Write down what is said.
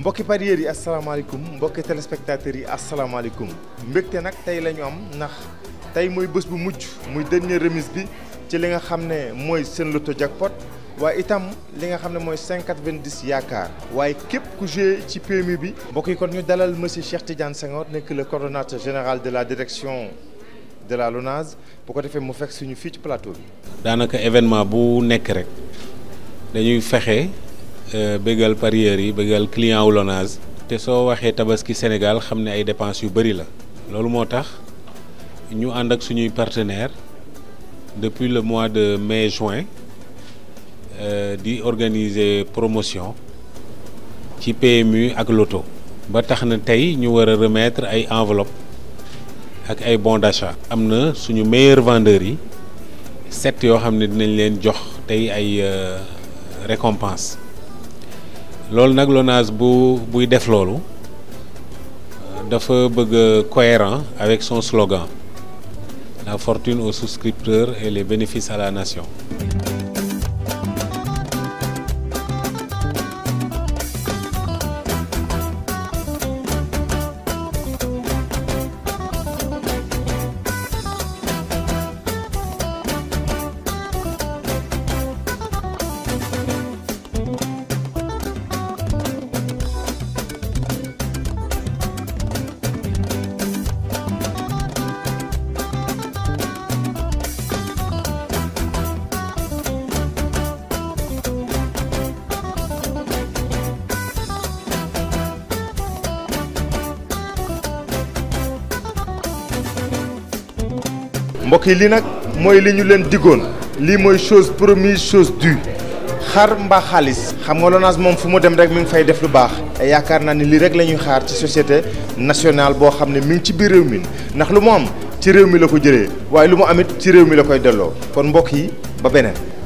mbokki parieurs yi asalaamaaleykum mbokki téléspectateurs yi asalaamaaleykum mbégte nag tey la ñu am ndax tey mooy bés bu mujj muy dernière remise bi ci li nga xam ne mooy seen loto pot waaye itam li nga xam ne mooy 590 yaakaar waaye képp ku joué ci PMU bi mbokk yi kon ñu dalal monsieur Cheikh Tidiane Senghor nekk le coordonnateur général de la direction de la LONASE bu ko defee mu fekk suñu fii ci plateau bi daanaka événement bu nekk rek dañuy fexe Euh, bégal parieurs yi bëggal client wu Lonase te soo waxee tabaski Sénégal xam ne ay dépenses yu bëri la loolu moo tax ñu ànd ak suñuy partenaires depuis le mois de mai juin euh, di organiser promotion ci PMU ak loto ba tax na tey ñu war a remettre ay enveloppe ak ay bons d'achat am na suñu meilleurs vendeurs yi set yoo xam ne dinañ leen jox tey ay euh, récompense loolu nag LONASE bu buy def loolu euh, dafa bëgg cohérent avec son slogan la fortune aux souscripteurs et les bénéfices à la nation mbokk yi lii nag mooy li ñu leen diggoon lii mooy chose promise chose due xar mbaa xaalis xam nga LONASE moom fu mu dem rek mi ngi fay def lu baax te yaakaar naa ni lii rek la ñuy xaar ci société nationale boo xam ne mi ci biir réew mi ndax lu mu am ci réew mi la ko jëlee waaye lu mu amit ci réew mi la koy delloo kon mbokk yi ba beneen